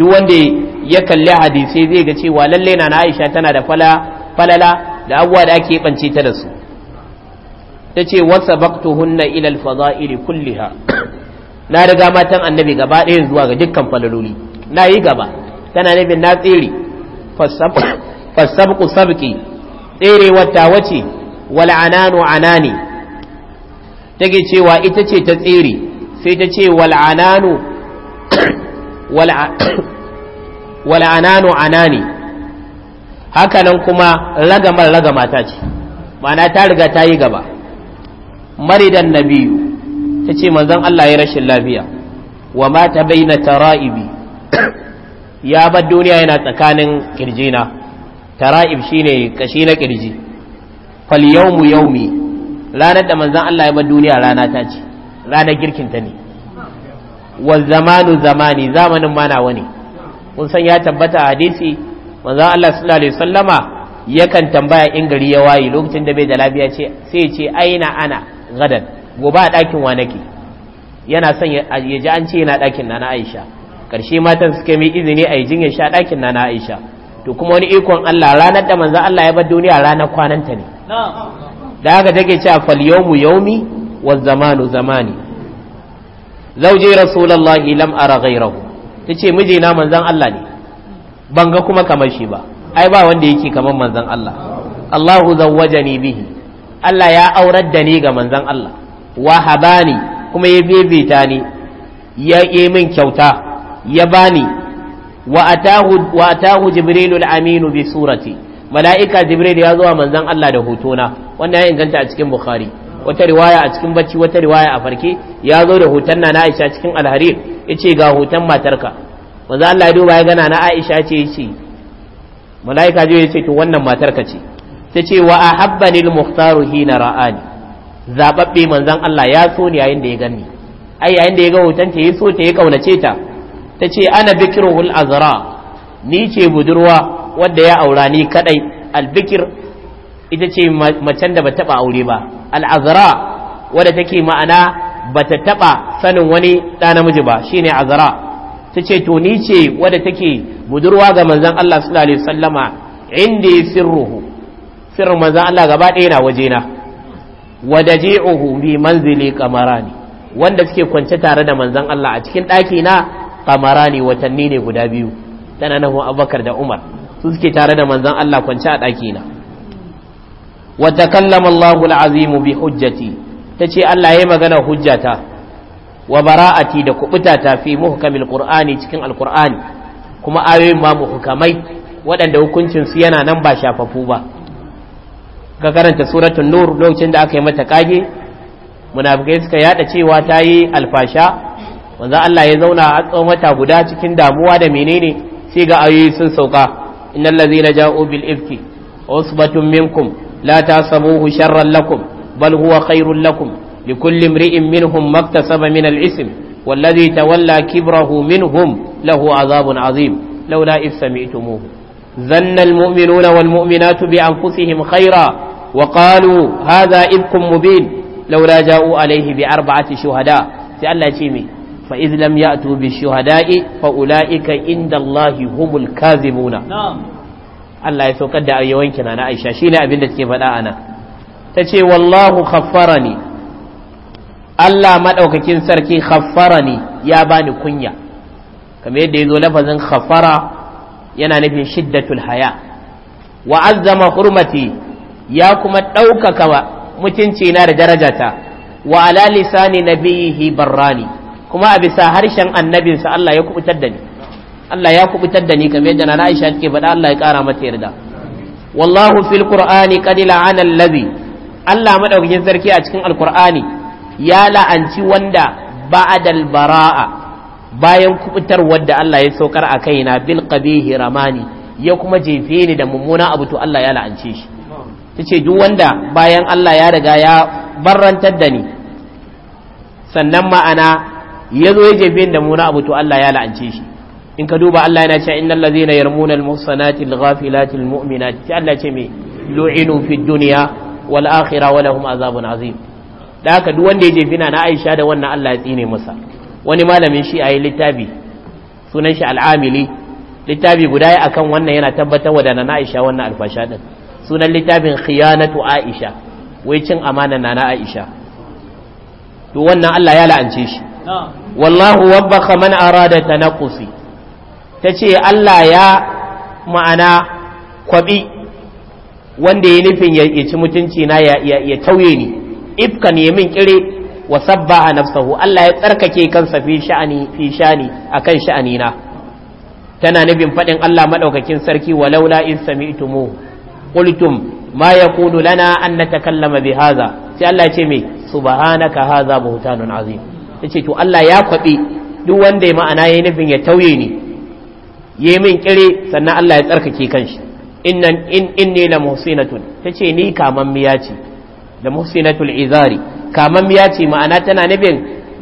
duk wanda ya kalli hadisi zai ga cewa lalle na Aisha tana da falala da abuwa da ake bance ta da su tace wasabaqtuhunna ila al-fada'ili kulliha (coughs) na riga matan annabi gaba ɗaya zuwa ga dukkan falaloli na yi gaba tana nufin na tsere fasabku sabki tsere wata wace wal ananu anani take cewa ita ce ta tsere sai ta ce wal ananu wal (coughs) ananu anani hakanan kuma ragamar ragama ta ce mana ta riga ta yi gaba maridan nabiyu ta ce manzon Allah ya rashin lafiya wa mata bai na tara'ibi ya bar duniya yana tsakanin na. tara'ib shine kashi na kirji fal yawmu yawmi ranar da manzon Allah ya bar duniya rana ta ce ranar girkin ta ne wa zamanu zamani zamanin mana wani kun san ya tabbata hadisi manzon Allah sallallahu alaihi wasallama yakan tambaya in gari ya waye lokacin da bai da lafiya ce sai ce aina ana gadan gobe a ɗakin wa nake yana son ya ji an ce yana ɗakin na na Aisha karshe matan suke mai izini a yi jinyar sha ɗakin na aisha to kuma wani ikon allah ranar da manzan allah ya bar duniya ranar kwananta ne da haka take cewa fal yawmu yawmi wa zamanu zamani zauji rasulullahi lam ara ghayrahu tace mijina manzan allah ne ban ga kuma kamar shi ba ai ba wanda yake kamar manzan allah allahu zawwajani bihi allah ya aurar da ni ga manzan allah wa ne kuma ya bebe ta ne. ya yi min kyauta ya bani wa atahu wa atahu jibril al-amin bi surati malaika jibril ya zuwa manzon Allah da hotona wannan ya inganta a cikin bukhari wata riwaya a cikin bacci wata riwaya a farke ya zo da hoton na Aisha cikin alharir yace ga hoton matarka manzo Allah ya duba ya gana na Aisha ce yace malaika ji yace to wannan matarka ce tace wa ahabbani al-mukhtaru hina ra'ani zababbe manzon Allah ya so ni yayin da ya gani ai yayin da ya ga hoton ta yaso so ta ya kaunace ta ta ce ana bikiruhul azra ni ce budurwa wadda ya aura ni kadai albikir ita ce macen da ba taba aure ba al'azra wadda take ma'ana ba ta taba sanin wani ɗa namiji ba shine azara ta ce to ni ce wadda take budurwa ga manzan Allah sallallahu alaihi wasallama inda sirruhu sirrin manzan Allah gaba ɗaya na wajena wadaji'uhu bi manzili kamarani wanda suke kwance tare da manzan Allah a cikin ɗaki na qamarani watanni ne guda biyu tana nahu abubakar da umar su suke tare da manzon Allah kwance a ɗaki na Wata takallama Allahu bi hujjati tace Allah ya yi magana hujjata wa bara'ati da kubuta ta fi muhkamil qur'ani cikin alqur'ani kuma ayoyin ma muhukamai waɗanda hukuncin su yana nan ba shafafu ba ka karanta suratun nur lokacin da aka yi mata kage munafikai suka yada cewa ta yi alfasha wanzan Allah ya zauna a tsawon mata guda cikin damuwa da menene sai ga ayoyi sun sauka innal ladzina ja'u bil ifki usbatun minkum la tasabuhu sharran lakum bal huwa khairul lakum likulli imri'in minhum maktasaba min al ism wal ladzi tawalla kibrahu minhum lahu azabun azim laula if sami'tumuhu zanna al mu'minuna wal mu'minatu bi anfusihim khaira wa qalu hadha ifkum mubin laula ja'u alayhi bi arba'ati shuhada sai Allah ya ce mai fa iz lam ya'tu bi shuhada'i fa ulaika indallahi humul kazibuna Allah ya saukar da ayyawan kina na Aisha shine abin da take faɗa ana tace wallahu ne. Allah madaukakin sarki ne ya bani kunya kamar yadda yazo lafazin khaffara yana nufin shiddatul haya wa azzama hurmati ya kuma ɗaukaka mutunci na da darajata wa ala lisani nabihi barrani kuma a bisa harshen annabinsa Allah ya kubutar da ni Allah ya kubutar da ni kamar yadda na Aisha take faɗa Allah ya ƙara mata yarda wallahu fil qur'ani qad la'ana allazi Allah madaukakin sarki a cikin alqur'ani ya la'anci wanda ba'dal bara'a bayan kubutar wadda Allah ya saukar a kaina bil qabihi ramani ya kuma jefe ni da mummuna abu to Allah ya la'ance shi tace duk wanda bayan Allah ya riga ya barrantar da ni sannan ma'ana ya zo ya da muna abu to Allah ya la'ance shi in ka duba Allah yana cewa innal ladzina yarmuna al muhsanati al ghafilati al mu'minati ta Allah ce me lu'inu fi dunya wal akhirah wa lahum azabun azim da haka duk wanda ya jefe na Aisha da wannan Allah ya tsine masa wani malamin shi ayi littafi sunan shi al-amili littafi guda ya akan wannan yana tabbatar wa da na Aisha wannan alfasha din sunan littafin khiyanatu Aisha wai cin amana na Aisha to wannan Allah ya la'ance shi wallahu wabbaka man arada tanaqqusi tace Allah ya ma'ana kwabi wanda ya nufin ya ci mutunci na ya tauye ni ifkan yamin kire wa sabbaha nafsahu Allah ya tsarkake kansa fi sha'ani fi shani akan sha'ani na tana nufin fadin Allah madaukakin sarki walaula in sami'tumu qultum ma yakunu lana an natakallama bi hadha sai Allah ya ce me subhanaka hadha buhtanun azim yace to Allah ya kwaɓe duk wanda ya ma'ana yi nufin ya tauye ni yi min kire sannan Allah ya tsarkake kanshi innan in inni la muhsinatun tace ni kaman miya ce da muhsinatul izari kaman miya ce ma'ana tana nufin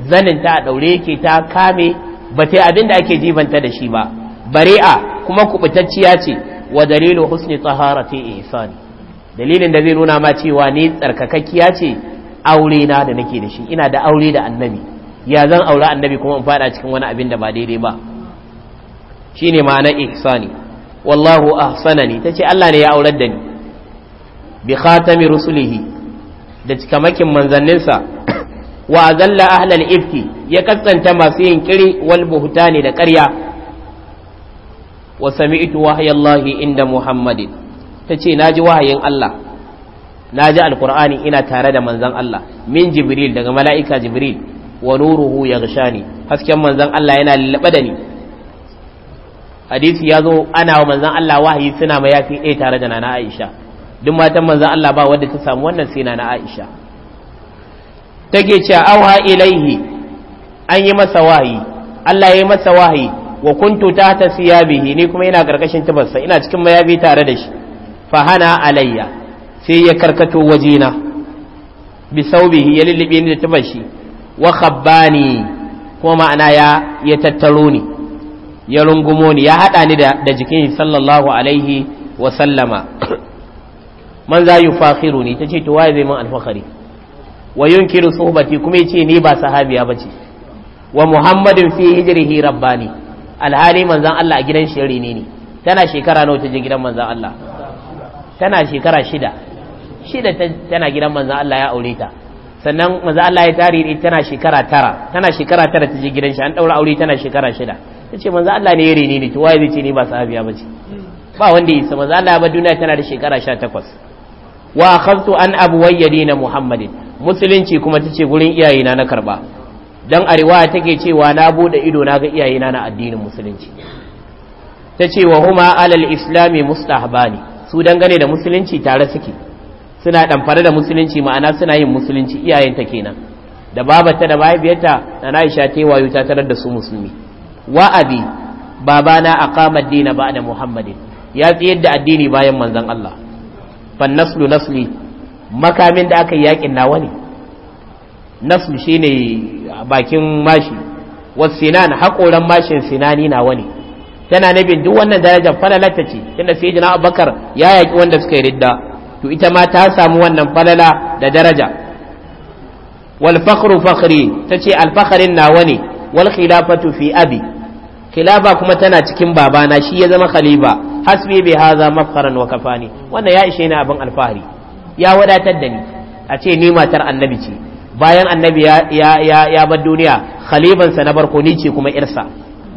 zanin ta a daure yake ta kame ba ta abin da ake jibanta da shi ba bari'a kuma kubutacciya ce wa dalilu husni taharati ihsan dalilin da zai nuna ma cewa ni tsarkakakkiya ce aure na da nake da shi ina da aure da annabi ya zan auri annabi kuma in fada cikin wani abin da ba daidai ba shine ma'ana ihsani wallahu ahsanani tace Allah ne ya aure da ni bi khatami rusulihi da cikamakin manzanninsa (coughs) wa azalla ahlal ifki ya katsanta masu yin kiri wal buhtani da ƙarya wa sami'tu wahayallahi inda muhammadin tace naji wahayin Allah naji alqur'ani ina tare da manzon Allah min jibril daga mala'ika jibril wa nuruhu yaghshani hasken manzan Allah yana lullube da ni hadisi ya zo ana wa manzan Allah wahayi suna ma yafi ɗaya tare da nana Aisha duk matan manzan Allah ba wanda ta samu wannan sai nana Aisha Ta take cewa auha ilaihi an yi masa wahayi Allah ya yi masa wahayi wa kuntu ta siya bihi ni kuma yana karkashin tubarsa ina cikin mayafi tare da shi fahana alayya sai ya karkato wajena bi saubihi ya lullube ni da shi. wa khabbani kuma ma'ana ya ya tattaro ni ya rungumo ni ya haɗa ni da jikin sallallahu alaihi wa sallama (coughs) man za yi fakhiru ni ta ce to waye zai min alfakari wa yunkiru sohbati kuma yace ni ba sahabiya bace wa muhammadin fi hijrihi rabbani alhali manzan Allah a gidan shiri ne ne tana shekara nawa ta je gidan manzan Allah tana shekara shida shida tana gidan manzan Allah ya aure ta sannan maza Allah ya tare da tana shekara tara tana shekara tara ta je gidan shi an daura aure tana shekara shida ta ce maza Allah ne ya rene ni to waye zai ce ni ba sahabiya ba ce ba wanda yi sa maza Allah ba duniya tana da shekara sha takwas wa akhadtu an abu abuwayyadi na muhammadin musulunci kuma ta ce gurin iyayena na karba dan a riwaya take cewa na bude ido na ga iyayena na addinin musulunci ta ce wa huma alal islami ne su dangane da musulunci tare suke suna ɗamfare da musulunci ma'ana suna yin musulunci iyayenta kenan da babata da mahaifiyarta na Aisha ta wayo ta tarar da su musulmi wa abi babana aqama ad-din ba'da muhammadin ya tsayar da addini bayan manzon Allah fan naslu nasli makamin da aka yakin nawa ne naslu shine bakin mashi wasinan hakoran mashin sinani nawa ne tana nabin duk wannan darajar falalata ce tunda sayyidina abubakar ya yaki wanda suka yi ridda to ita ma ta samu wannan falala da daraja wal fakhru fakhri tace al fakhrin nawa ne wal khilafatu fi abi khilafa kuma tana cikin babana shi ya zama khalifa hasbi bi hadha mafkharan wa kafani wannan ya ishe ni abin alfahari ya wadatar da ni a ce ni matar annabi ce bayan annabi ya ya ya bar duniya sa na barko ni ce kuma irsa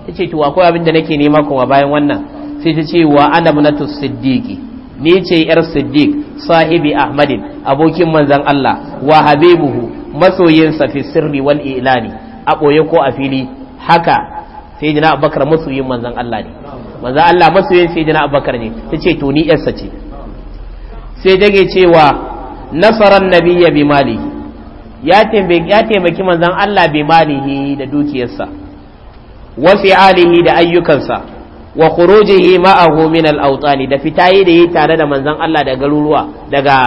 tace to akwai abin da nake nema kuma bayan wannan sai ta ce wa ana munatu siddiqi ni ce yar siddiq sahibi ahmadin abokin manzan Allah wa habibuhu masoyinsa fi sirri wal ilani a ɓoye ko a fili haka sai jina abubakar masoyin manzan Allah ne manzan Allah masoyin sai jina abubakar ne ta ce to ni yarsa ce sai dage cewa nasarar nabiya bi malihi ya taimaki manzan Allah bi malihi da dukiyarsa wasu alihi da ayyukansa wa khurujihi ma'ahu min al-awtani da fitayi da yi tare da manzon Allah da garuruwa daga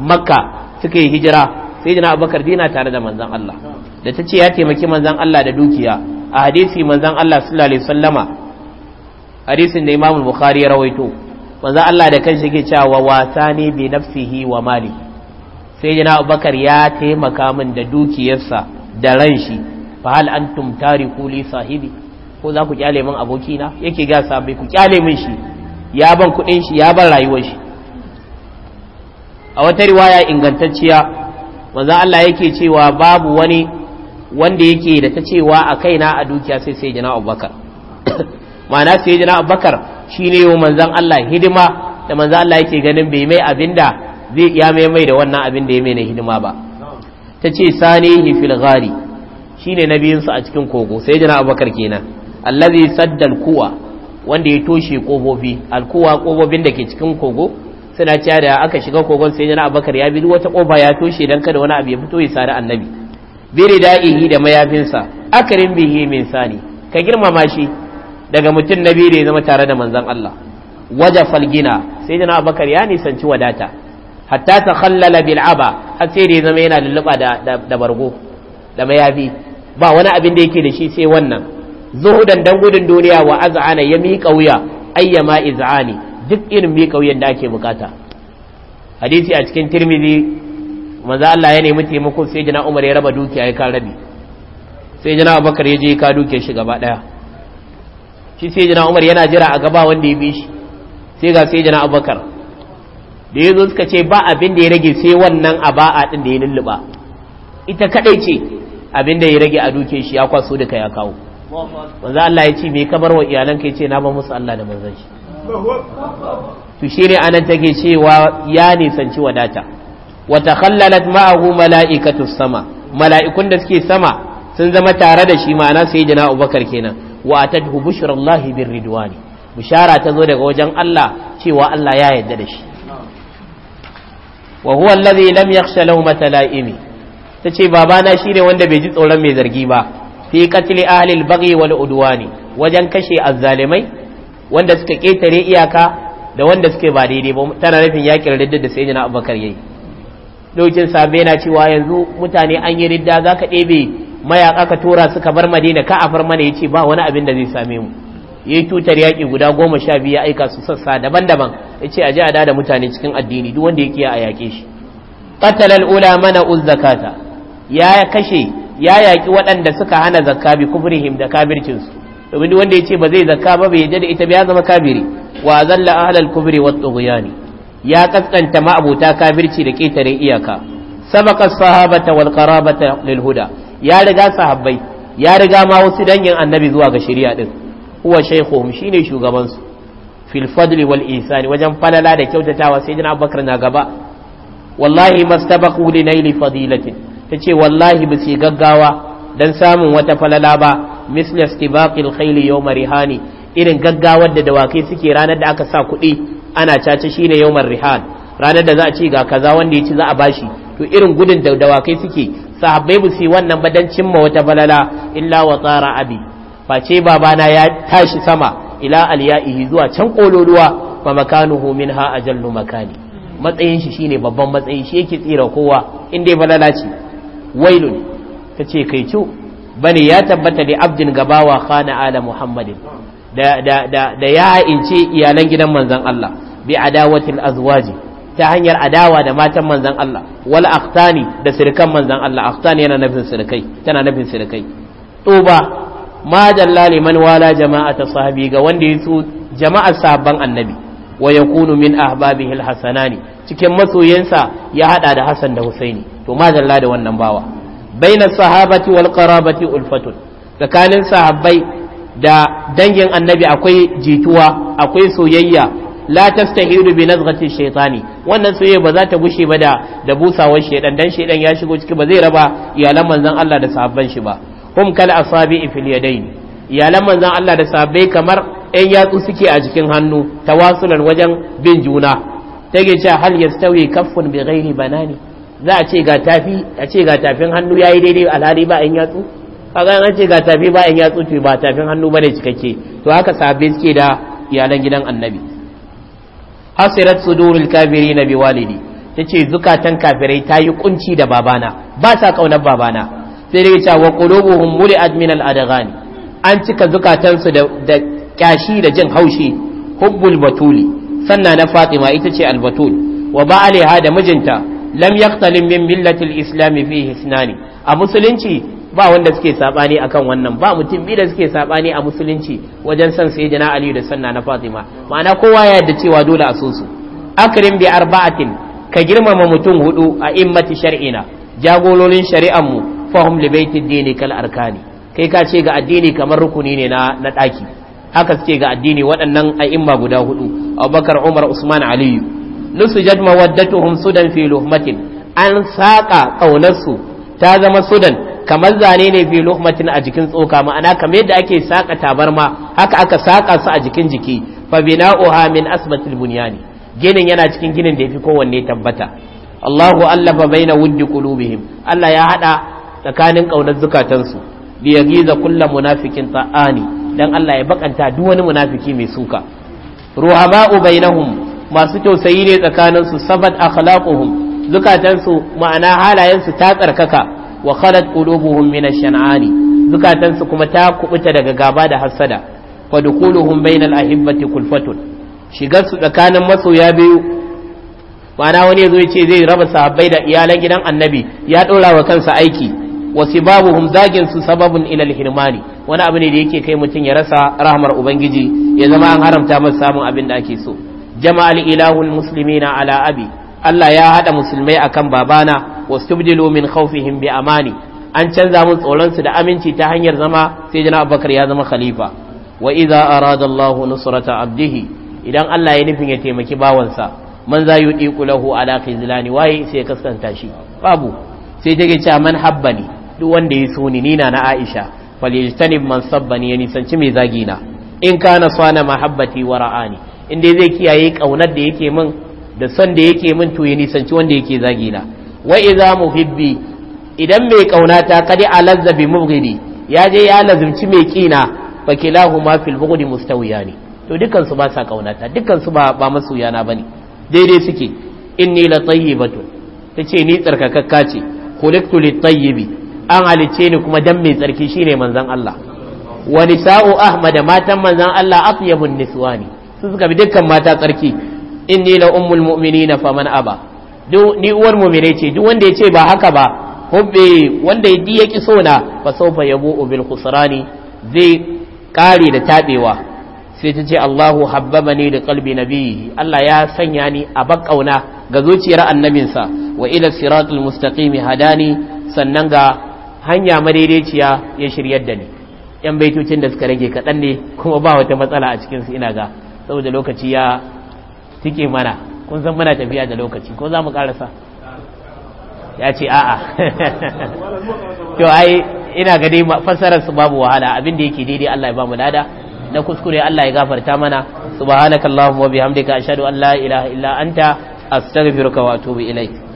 Makka suka yi hijira sai jina Abubakar dina tare da manzon Allah da tace ya taimaki manzon Allah da dukiya a hadisi manzon Allah sallallahu alaihi wasallama hadisin da Imam Bukhari ya rawaito manzon Allah da kanshi yake cewa wasani bi nafsihi wa mali sai jina Abubakar ya taimaka min da dukiyarsa da ran shi fa hal antum tariku li sahibi ko za ku kyale min abokina yake ga sabai ku kyale min shi ya ban kudin shi ya ban rayuwar shi a wata riwaya ingantacciya manzo Allah yake cewa babu wani wanda yake da ta cewa a kaina a dukiya sai sai jina Abubakar (coughs) ma'ana sai jina Abubakar shine yau manzon Allah hidima da manzon Allah yake ganin bai mai abinda zai ya mai mai da wannan abin da ya mai na hidima ba Ta tace sanihi fil ghari na nabiyinsa a cikin kogo sai jina Abubakar kenan allazi sadda alkuwa wanda ya toshe kofofi alkuwa kofofin da ke cikin kogo suna cewa da aka shiga kogon sai jana abakar ya bi wata kofa ya toshe dan kada wani abu ya fito ya sari annabi biri da'ihi da mayafinsa akarin bihi min sani ka girmama shi daga mutum na biri da ya zama tare da manzon Allah waja falgina sai jana abakar ya nisanci wadata hatta ta khallala bil aba har sai da ya zama yana lulluba da bargo da mayafi ba wani abin da yake da shi sai wannan zuhudan dan gudun duniya wa az'ana ya miƙa wuya ayyama iz'ani duk irin miƙa wuyan da ake bukata hadisi a cikin tirmidhi manzo Allah ya nemi taimako sai jina Umar ya raba dukiya ya ka rabi sai jina Abubakar ya je ka duke shi gaba daya shi sai jina Umar yana jira a gaba wanda ya bi shi sai ga sai jina Abubakar da yazo suka ce ba abin da ya rage sai wannan aba'a din da ya lulluba ita kadai ce abin da ya rage a duke shi ya kwaso kai ya kawo manzo Allah ya ce me ka bar wa iyalanka ya ce na ba musu Allah da manzon shi to shine anan take cewa ya nisanci wadata wa takhallalat ma'ahu mala'ikatu sama mala'ikun da suke sama sun zama tare da shi ma'ana sayyidina Abubakar kenan wa atadhu bushrallahi bir ridwani bishara ta zo daga wajen Allah cewa Allah ya yarda da shi wa huwa alladhi lam yakhsha lawmata la'imi tace babana shine wanda bai ji tsoron mai zargi ba fi katili ahli al-baghi wal udwani wajen kashe azzalimai wanda suka ketare iyaka da wanda suke ba daidai ba tana nufin yakin ridda da sai sayyidina abubakar yayi dokin sabe na cewa yanzu mutane an yi ridda zaka ɗebe mayaka ka tura su ka bar madina ka afar mana yace ba wani abin da zai same mu yayi tutar yaki guda goma sha biyu ya aika su sassa daban-daban yace aje a da mutane cikin addini duk wanda yake a yake shi qatala ula mana uzzakata ya kashe ya yaƙi waɗanda suka hana zakka bi kufrihim da kabircinsu domin wanda ya ce ba zai zakka ba bai ita ba ya zama kabiri wa zalla ahlal kufri wat tughyani ya kaskanta ma'abuta kabirci da ketare iyaka sabaka sahabata wal qarabata lil huda ya riga sahabbai ya riga ma wasu dangin annabi zuwa ga shari'a din huwa shaykhuhum shine shugaban su fil fadli wal ihsani wajen falala da kyautatawa sayyidina abubakar na gaba wallahi mastabaqu li naili fadilatin ta ce wallahi ba su gaggawa don samun wata falala ba misli istibaqil khayli yawma rihani irin gaggawar da dawakai suke ranar da aka sa kuɗi ana caca shine yawmar rihan ranar da za a ce ga kaza wanda ya ci za a bashi to irin gudun da dawakai suke sahabbai ba su wannan ba don cimma wata falala illa wa tsara abi face babana ya tashi sama ila alya'ihi zuwa can kololuwa fa makanuhu minha ajallu makani matsayin shi shine babban matsayi shi yake tsira kowa in dai falala ce wailun ta ce kai ciwo bane ya tabbata da abdin gabawa khana ala muhammadin da ya ince iyalan gidan manzan Allah bi adawatil azwaji ta hanyar adawa da matan manzan Allah wal akhtani da sirkan manzan Allah akhtani yana nufin sirkai tana nufin sirkai tuba ma dalla liman wala jama'ata sahabi ga wanda ya so jama'ar sahabban annabi wa yakunu min ahbabihi alhasanani cikin masoyansa ya hada da Hassan da Husaini to madalla da wannan bawa baina sahabati wal qarabati ulfatun tsakanin sahabbai da dangin annabi akwai jituwa akwai soyayya la tastahiru bi nazghati shaytani wannan soyayya ba za ta gushe ba da da busawar shaydan dan shaydan ya shigo ciki ba zai raba iyalan manzon Allah da sahabban shi ba hum kal asabi fil yadayn iyalan manzon Allah da sahabbai kamar ɗan yatsu suke a jikin hannu tawasulan wajen bin juna take cewa hal yastawi kaffun bi ghairi banani za a ce ga tafi a ce ga tafin hannu yayi daidai alhari ba in yatsu kaga an ce ga tafi ba in yatsu to ba tafin hannu bane cikakke to haka sahabbai suke da iyalan gidan annabi hasirat sudurul kafirin bi walidi tace zukatan kafirai tayi kunci da babana ba sa kaunar babana sai dai ta wa qulubuhum muli'at min al-adghani an cika zukatan su da da kyashi da jin haushi hubbul batuli sanna na fatima ita ce al-batul wa ba'aliha da mijinta lam yaqtalim min millatil islami fihi hisnani a musulunci ba wanda suke sabani akan wannan ba mutum biyu da suke sabani a musulunci wajen san sai jana aliyu da sanna na fatima ma'ana kowa ya yarda cewa dole a so su akrim bi arba'atin ka girmama mutum hudu a immati shar'ina jagololin shari'an mu fahum li baiti dini kal arkani kai ka ce ga addini kamar rukuni ne na na daki haka suke ga addini waɗannan a'imma guda hudu abubakar umar usman aliyu nusujat mawaddatuhum sudan fi luhmatin an saƙa ƙaunarsu ta zama sudan kamar zane ne fi luhmatin a jikin tsoka ma'ana kamar yadda ake saka tabarma haka aka saka su a jikin jiki fa bina'uha min asbatil bunyani ginin yana cikin ginin da yafi kowanne tabbata Allahu allafa baina wuddi qulubihim Allah ya hada tsakanin ƙaunar zukatansu bi yagiza kullu munafiqin ta'ani dan Allah ya bakanta duk wani munafiki mai suka ruhama'u bainahum masu tausayi ne tsakaninsu sabat akhlaquhum zukatansu ma'ana halayensu ta tsarkaka wa khalat qulubuhum min ash-shan'ani zukatansu kuma ta kubuta daga gaba da hasada fa dukuluhum bainal ahibbati kulfatun shigar su tsakanin masoya biyu ma'ana wani yazo yace zai raba sahabbai da iyalan gidan annabi ya dora wa kansa aiki wasu babu zagin su sababin ilal hirmani wani abu ne da yake kai mutum ya rasa rahmar ubangiji ya zama an haramta masa samun abin da ake so jama'al ilahul muslimina ala abi Allah ya hada musulmai akan babana wastubdilu min khawfihim bi amani an canza mun tsoron su da aminci ta hanyar zama sai jana abubakar ya zama khalifa wa idza arada Allah nusrata abdihi idan Allah ya nufin ya taimaki bawansa man za yudiku lahu ala khizlani waye sai ya kaskanta shi babu sai take cewa man habbani duk wanda ya so ni nina na Aisha falyajtanib man sabbani ya nisanci mai zagina in kana sana mahabbati wa ra'ani in dai zai kiyaye kaunar da yake min da son da yake min to ya nisanci wanda yake zagi na wa iza muhibbi idan mai ta kadi alazza bi mughidi ya je ya lazumci mai kina fa kilahuma fil bughdi mustawiyani to dukan su ba sa kaunata dukan su ba ba masu na bane daidai suke inni la tayyibatu tace ni tsarkakakka ce khuliqtu lit tayyibi an halice ni kuma dan mai tsarki shine manzon Allah wa nisa'u ahmad matan manzon Allah atyabun niswani su suka bi dukkan mata tsarki ni la ummul mu'minina faman aba ni uwar mu'mine ce duk wanda ya ce ba haka ba hubbe wanda ya ji ya ki so na fa sawfa yabu bil khusrani zai kare da tabewa sai ta ce Allahu habbabani da qalbi nabiyyi Allah ya sanya ni a bakkauna ga zuciyar annabinsa wa ila siratul mustaqimi hadani sannan ga hanya madaidaiciya ya shiryar da ni yan baitocin da suka rage kaɗan ne kuma ba wata matsala a cikinsu ina ga saboda lokaci ya tike mana kun san muna tafiya da lokaci ko za mu karasa ya ce a'a (laughs) to ai ina ga fasarar fassarar su babu wahala abin da yake daidai Allah ya ba mu lada na kuskure Allah ya gafarta mana subhanakallahumma wa bihamdika ashhadu an la ilaha illa anta astaghfiruka wa atubu ilaik